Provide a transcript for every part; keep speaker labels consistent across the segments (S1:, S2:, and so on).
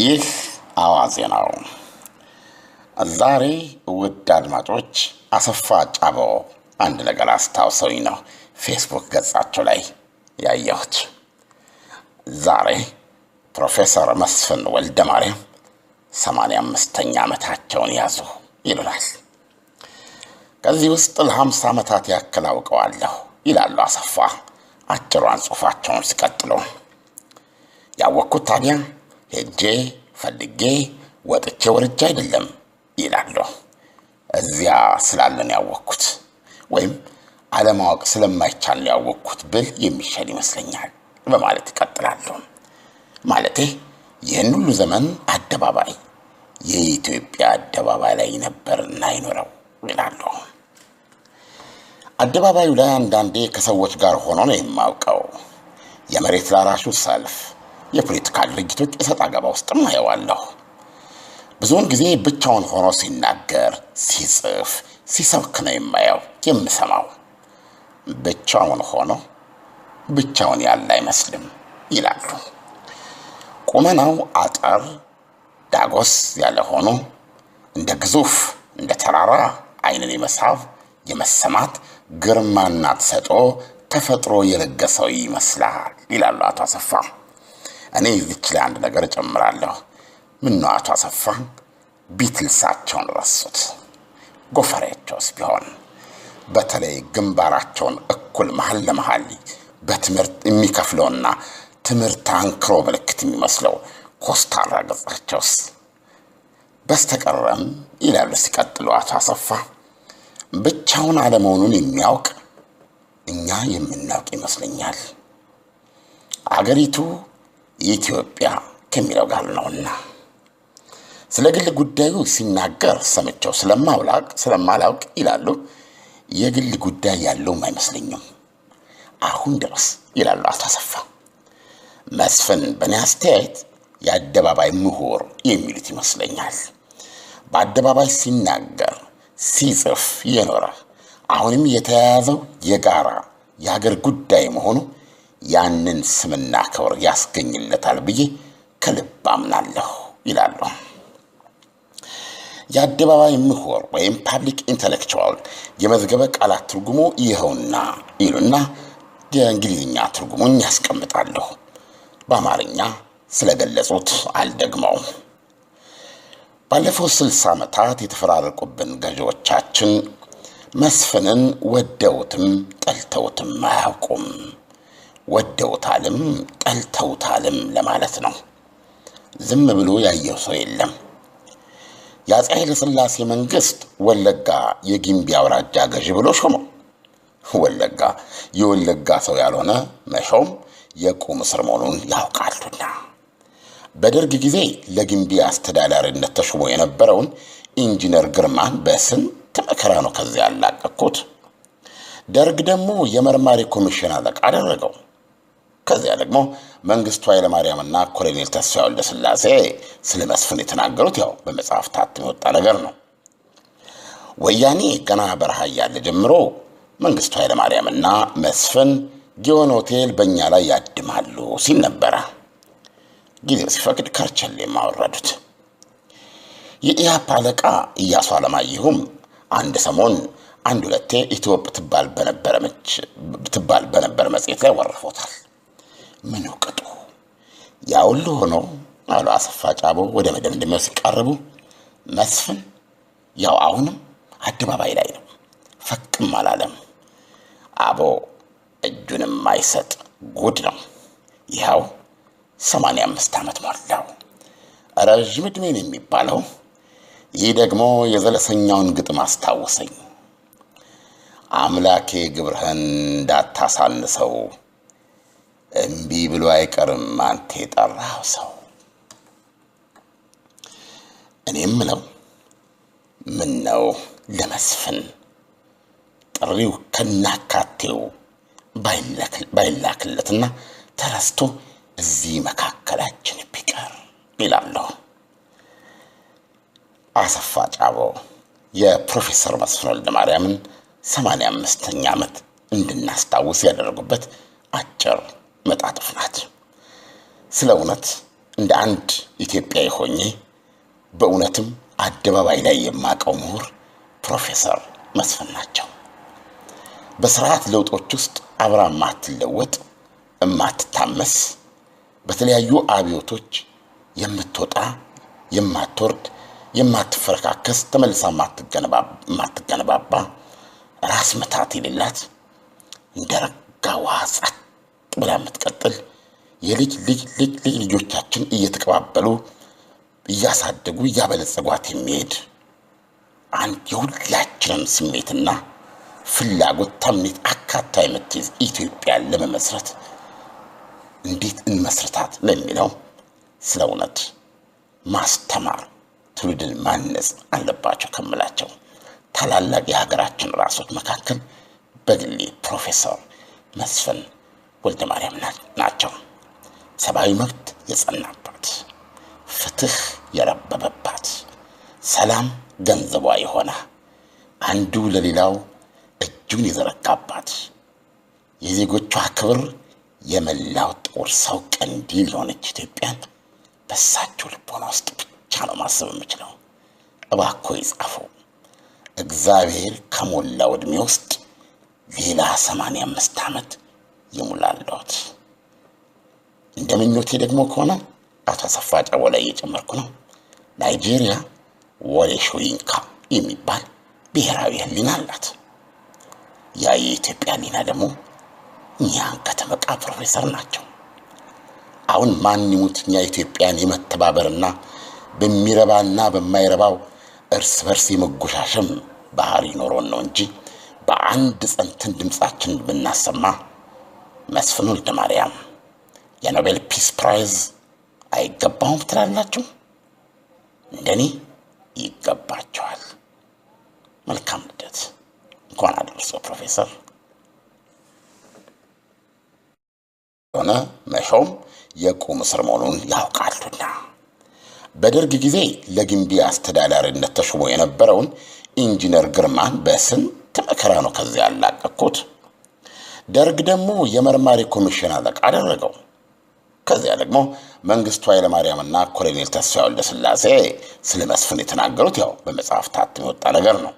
S1: ይህ አዋዜ ነው። ዛሬ ውድ አድማጮች አሰፋ ጫበው አንድ ነገር አስታውሰኝ ነው ፌስቡክ ገጻቸው ላይ ያየሁት። ዛሬ ፕሮፌሰር መስፍን ወልደ ማርያም ሰማንያ አምስተኛ ዓመታቸውን ያዙ ይሉናል። ከዚህ ውስጥ ለሀምሳ ዓመታት ያክል አውቀዋለሁ ይላሉ አሰፋ አጭሯን ጽሑፋቸውን ሲቀጥሉ ያወቅኩት ታዲያ ሄጄ ፈልጌ ወጥቼ ወርጄ አይደለም ይላሉ። እዚያ ስላለን ያወቅኩት ወይም አለማወቅ ስለማይቻል ያወቅኩት ብል የሚሻል ይመስለኛል በማለት ይቀጥላሉ። ማለቴ ይህን ሁሉ ዘመን አደባባይ የኢትዮጵያ አደባባይ ላይ ነበር እና ይላሉ። አደባባዩ ላይ አንዳንዴ ከሰዎች ጋር ሆኖ ነው የማውቀው። የመሬት ላራሹ ሰልፍ የፖለቲካ ድርጅቶች እሰጥ አገባ ውስጥም አየዋለሁ። ብዙውን ጊዜ ብቻውን ሆኖ ሲናገር፣ ሲጽፍ፣ ሲሰብክ ነው የማየው የምሰማው። ብቻውን ሆኖ ብቻውን ያለ አይመስልም ይላሉ። ቁመናው አጠር ዳጎስ ያለ ሆኖ እንደ ግዙፍ እንደ ተራራ አይንን የመሳብ የመሰማት ግርማና ተሰጦ ተፈጥሮ የለገሰው ይመስላል ይላሉ አቶ አሰፋ። እኔ እዚች ላይ አንድ ነገር እጨምራለሁ። ምን ነው አቶ አሰፋ ቢትልሳቸውን ረሱት። ጎፈሬያቸውስ ቢሆን በተለይ ግንባራቸውን እኩል መሀል ለመሀል በትምህርት የሚከፍለውና ትምህርት አንክሮ ምልክት የሚመስለው ኮስታራ ገጻቸውስ በስተቀረም ይላሉ ሲቀጥሉ አቶ አሰፋ ብቻውን አለመሆኑን የሚያውቅ እኛ የምናውቅ ይመስለኛል አገሪቱ ኢትዮጵያ ከሚለው ጋር ነውና ስለ ግል ጉዳዩ ሲናገር ሰምቸው ስለማውላቅ ስለማላውቅ ይላሉ የግል ጉዳይ ያለውም አይመስለኝም አሁን ድረስ ይላሉ አቶ መስፍን በእኔ አስተያየት የአደባባይ ምሁር የሚሉት ይመስለኛል። በአደባባይ ሲናገር ሲጽፍ የኖረ አሁንም የተያያዘው የጋራ የሀገር ጉዳይ መሆኑ ያንን ስምና ክብር ያስገኝለታል ብዬ ከልብ አምናለሁ ይላሉ። የአደባባይ ምሁር ወይም ፓብሊክ ኢንተሌክቹዋል የመዝገበ ቃላት ትርጉሙ ይኸውና ይሉና የእንግሊዝኛ ትርጉሙን ያስቀምጣለሁ። በአማርኛ ስለገለጹት አልደግመው። ባለፈው ስልሳ ዓመታት የተፈራረቁብን ገዢዎቻችን መስፍንን ወደውትም ጠልተውትም አያውቁም። ወደውታልም ጠልተውታልም ለማለት ነው። ዝም ብሎ ያየው ሰው የለም። የአፄ ኃይለ ሥላሴ መንግስት ወለጋ የጊምቢ አውራጃ ገዢ ብሎ ሾመው። ወለጋ የወለጋ ሰው ያልሆነ መሾም የቁም እስር መሆኑን ያውቃሉና በደርግ ጊዜ ለግንቢ አስተዳዳሪነት ተሾሞ የነበረውን ኢንጂነር ግርማን በስንት መከራ ነው ከዚያ ያላቀቅኩት። ደርግ ደግሞ የመርማሪ ኮሚሽን አለቃ አደረገው። ከዚያ ደግሞ መንግስቱ ኃይለማርያምና ኮሎኔል ተስፋ ወልደስላሴ ስለ መስፍን የተናገሩት ያው በመጽሐፍ ታት የወጣ ነገር ነው። ወያኔ ገና በረሃ እያለ ጀምሮ መንግስቱ ኃይለማርያምና መስፍን ጊዮን ሆቴል በእኛ ላይ ያድማሉ ሲል ነበረ። ጊዜው ሲፈቅድ ከርቸሌ የማወረዱት የኢህአፓ አለቃ እያሱ አለማየሁም አንድ ሰሞን አንድ ሁለቴ ኢትዮጵ ትባል በነበረ መጽሔት ላይ ወርፎታል። ምን ቅጡ ያ ሁሉ ሆኖ አሉ አሰፋ ጫቦ ወደ መደምደሚያው ሲቃረቡ መስፍን ያው አሁንም አደባባይ ላይ ነው። ፈቅም አላለም። አቦ እጁንም አይሰጥ ጉድ ነው። ይኸው ሰማንያ አምስት ዓመት ሞላው። ረዥም ዕድሜን የሚባለው። ይህ ደግሞ የዘለሰኛውን ግጥም አስታወሰኝ። አምላኬ ግብርህን እንዳታሳንሰው እምቢ ብሎ አይቀርም አንተ የጠራው ሰው። እኔም ምለው ምን ነው ለመስፍን ጥሪው ከናካቴው ባይላክለትና ተረስቶ እዚህ መካከላችን ቢቀር ይላለሁ። አሰፋ ጫቦ የፕሮፌሰር መስፍን ወልደ ማርያምን ሰማንያ አምስተኛ ዓመት እንድናስታውስ ያደረጉበት አጭር መጣጥፍ ናት። ስለ እውነት እንደ አንድ ኢትዮጵያ የሆኜ በእውነትም አደባባይ ላይ የማውቀው ምሁር ፕሮፌሰር መስፍን ናቸው። በስርዓት ለውጦች ውስጥ አብራ የማትለወጥ እማትታመስ በተለያዩ አብዮቶች የምትወጣ የማትወርድ የማትፈረካከስ ተመልሳ የማትገነባባ ራስ ምታት የሌላት እንደ ረጋ ብላ የምትቀጥል የልጅ ልጅ ልጅ ልጅ ልጆቻችን እየተቀባበሉ እያሳደጉ እያበለጸጓት የሚሄድ አንድ የሁላችንም ስሜትና ፍላጎት ታምኔት አካታ የምትይዝ ኢትዮጵያን ለመመስረት እንዴት እንመስረታት ለሚለው ስለ እውነት ማስተማር ትውልድን ማነጽ አለባቸው ከምላቸው ታላላቅ የሀገራችን ራሶች መካከል በግሌ ፕሮፌሰር መስፍን ወልደ ማርያም ናቸው። ሰብአዊ መብት የጸናባት፣ ፍትህ የረበበባት፣ ሰላም ገንዘቧ የሆነ አንዱ ለሌላው እጁን የዘረጋባት የዜጎቿ ክብር የመላው ጥቁር ሰው ቀንዲል የሆነች ኢትዮጵያን በሳቸው ልቦና ውስጥ ብቻ ነው ማሰብ የምችለው። እባኮ ይጻፉ። እግዚአብሔር ከሞላው ዕድሜ ውስጥ ሌላ ሰማንያ አምስት ዓመት ይሙላልዎት። እንደ ምኞቴ ደግሞ ከሆነ አቶ አሰፋ ጫቦ ላይ እየጨመርኩ ነው። ናይጄሪያ ወሌ ሾይንካ የሚባል ብሔራዊ ሚና አላት። ያ የኢትዮጵያ ሚና ደግሞ እኛን ከተመቃ ፕሮፌሰር ናቸው። አሁን ማን ይሙት እኛ ኢትዮጵያን የመተባበርና በሚረባና በማይረባው እርስ በርስ የመጎሻሸም ባህሪ ኖሮን ነው እንጂ በአንድ ጸንትን ድምፃችን ብናሰማ መስፍን ወልደ ማርያም የኖቤል ፒስ ፕራይዝ አይገባውም ትላላችሁ? እንደኔ ይገባቸዋል። መልካም ልደት። እንኳን አደረሶ ፕሮፌሰር ሆነ መሾም የቁም እስር መሆኑን ያውቃሉና በደርግ ጊዜ ለግንቢ አስተዳዳሪነት ተሾሞ የነበረውን ኢንጂነር ግርማን በስንት መከራ ነው ከዚያ ያላቀቅኩት። ደርግ ደግሞ የመርማሪ ኮሚሽን አለቃ አደረገው። ከዚያ ደግሞ መንግስቱ ኃይለማርያምና ኮሎኔል ተስፋ ወልደስላሴ ስለ መስፍን የተናገሩት ያው በመጽሐፍ ታትሞ የወጣ ነገር ነው።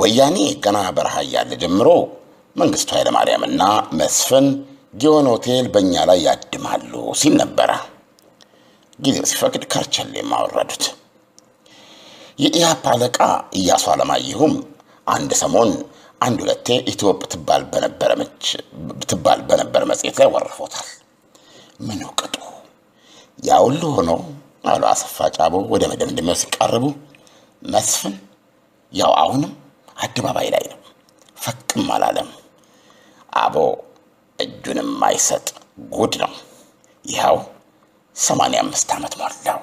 S1: ወያኔ ገና በረሃ እያለ ጀምሮ መንግስቱ ኃይለማርያምና መስፍን ጊዮን ሆቴል በእኛ ላይ ያድማሉ ሲል ነበረ። ጊዜው ሲፈቅድ ከርቸሌ ማወረዱት። የኢህአፓ አለቃ ኢያሱ አለማየሁም አንድ ሰሞን አንድ ሁለቴ ኢትዮጵ ትባል በነበረ መች ትባል በነበረ መጽሔት ላይ ወርፎታል። ምን ቅጡ ያ ሁሉ ሆኖ አሉ አሰፋ ጫቦ ወደ መደምደሚያው ሲቃረቡ መስፍን ያው አሁንም አደባባይ ላይ ነው፣ ፈቅም አላለም። አቦ እጁንም አይሰጥ ጉድ ነው። ይኸው ሰማንያ አምስት ዓመት ሞላው።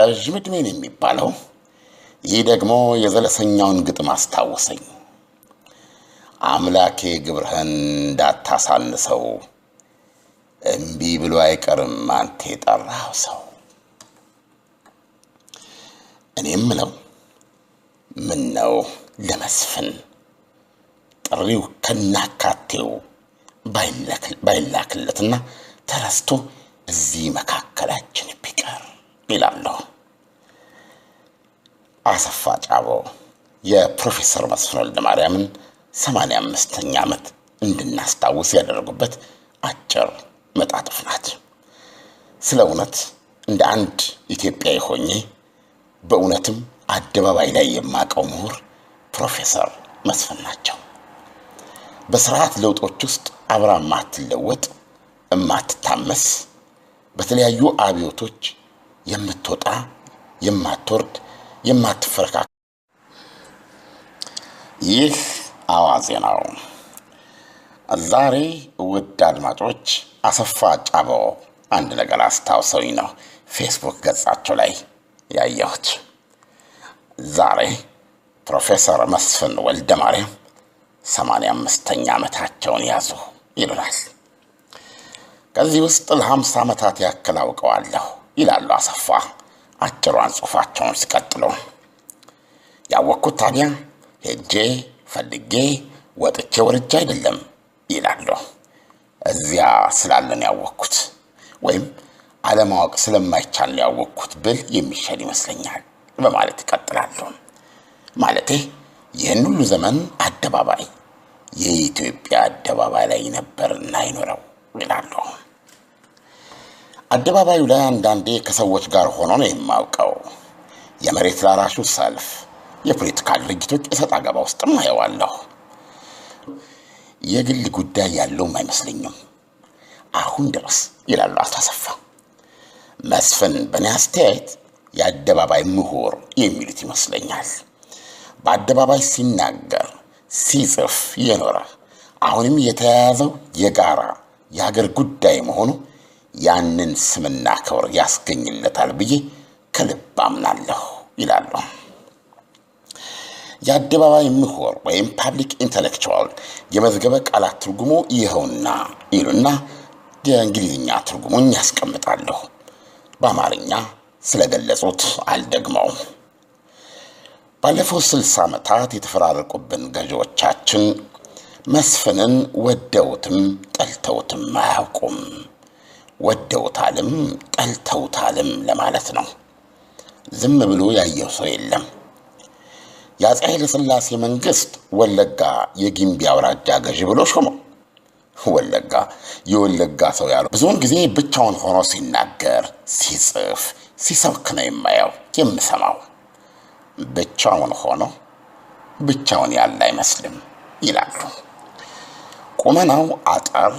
S1: ረዥም ዕድሜን የሚባለው። ይህ ደግሞ የዘለሰኛውን ግጥም አስታወሰኝ። አምላኬ ግብርህን እንዳታሳንሰው፣ እምቢ ብሎ አይቀርም አንተ የጠራኸው ሰው። እኔም ምለው ምን ነው ለመስፍን ጥሪው ከናካቴው ባይላክለትና ተረስቶ እዚህ መካከላችን ቢቀር ይላለሁ። አሰፋ ጫቦ የፕሮፌሰር መስፍን ወልደ ማርያምን 85ኛ ዓመት እንድናስታውስ ያደረጉበት አጭር መጣጥፍ ናት። ስለ እውነት እንደ አንድ ኢትዮጵያዊ ሆኜ በእውነትም አደባባይ ላይ የማውቀው ምሁር ፕሮፌሰር መስፍን ናቸው። በስርዓት ለውጦች ውስጥ አብራ ማትለወጥ እማትታመስ በተለያዩ አብዮቶች የምትወጣ የማትወርድ የማትፈረካከ ይህ አዋዜ ነው። ዛሬ ውድ አድማጮች፣ አሰፋ ጫበ አንድ ነገር አስታውሰኝ ነው ፌስቡክ ገጻቸው ላይ ያየሁት። ዛሬ ፕሮፌሰር መስፍን ወልደ ማርያም ሰማንያ አምስተኛ ዓመታቸውን ያዙ ይሉናል። ከዚህ ውስጥ ለሀምሳ ዓመታት ያክል አውቀዋለሁ ይላሉ አሰፋ አጭሯን ጽሑፋቸውን ሲቀጥሉ ያወቅኩት ታዲያ ሄጄ ፈልጌ ወጥቼ ወርጄ አይደለም ይላሉ። እዚያ ስላለን ያወቅኩት ወይም አለማወቅ ስለማይቻል ያወቅኩት ብል የሚሻል ይመስለኛል በማለት ይቀጥላሉ። ማለቴ ይህን ሁሉ ዘመን አደባባይ የኢትዮጵያ አደባባይ ላይ ነበር እና ይኖረው ይላሉ። አደባባዩ ላይ አንዳንዴ ከሰዎች ጋር ሆኖ ነው የማውቀው። የመሬት ላራሹ ሰልፍ፣ የፖለቲካ ድርጅቶች የሰጥ አገባ ውስጥም አየዋለሁ። የግል ጉዳይ ያለውም አይመስለኝም አሁን ድረስ ይላሉ አቶ አሰፋ መስፍን። በእኔ አስተያየት የአደባባይ ምሁር የሚሉት ይመስለኛል። በአደባባይ ሲናገር ሲጽፍ የኖረ አሁንም የተያያዘው የጋራ የሀገር ጉዳይ መሆኑ ያንን ስምና ክብር ያስገኝለታል ብዬ ከልብ አምናለሁ ይላሉ። የአደባባይ ምሁር ወይም ፓብሊክ ኢንተሌክቹዋል የመዝገበ ቃላት ትርጉሙ ይኸውና ይሉና የእንግሊዝኛ ትርጉሙን ያስቀምጣለሁ። በአማርኛ ስለገለጹት አልደግመው። ባለፈው ስልሳ ዓመታት የተፈራረቁብን ገዢዎቻችን መስፍንን ወደውትም ጠልተውትም አያውቁም። ወደውታልም ጠልተውታልም ለማለት ነው። ዝም ብሎ ያየው ሰው የለም። የአፄ ኃይለ ሥላሴ መንግስት ወለጋ የጊምቢ አውራጃ ገዢ ብሎ ሾመው። ወለጋ የወለጋ ሰው ያለው ብዙውን ጊዜ ብቻውን ሆኖ ሲናገር፣ ሲጽፍ፣ ሲሰብክ ነው የማየው የምሰማው። ብቻውን ሆኖ ብቻውን ያለ አይመስልም ይላሉ። ቁመናው አጠር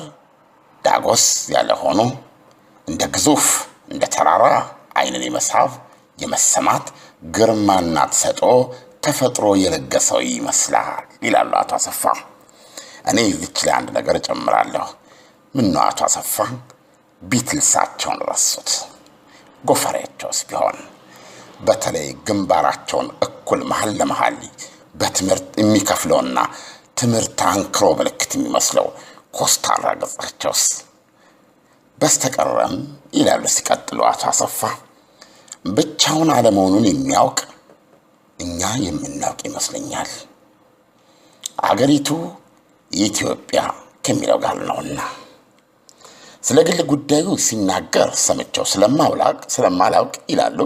S1: ዳጎስ ያለ ሆኖ እንደ ግዙፍ እንደ ተራራ አይንን የመሳብ የመሰማት ግርማና ተሰጦ ተፈጥሮ የለገሰው ይመስላል ይላሉ አቶ አሰፋ። እኔ እዚች ላይ አንድ ነገር እጨምራለሁ። ምን ነው አቶ አሰፋ ቢትልሳቸውን ረሱት። ጎፈሬያቸውስ ቢሆን በተለይ ግንባራቸውን እኩል መሀል ለመሀል በትምህርት የሚከፍለውና ትምህርት አንክሮ ምልክት የሚመስለው ኮስታራ ገጻቸውስ በስተቀረም ይላሉ ሲቀጥሉ አቶ አሰፋ ብቻውን አለመሆኑን የሚያውቅ እኛ የምናውቅ ይመስለኛል። አገሪቱ የኢትዮጵያ ከሚለው ጋር ነውና ስለ ግል ጉዳዩ ሲናገር ሰምቸው ስለማውላቅ ስለማላውቅ ይላሉ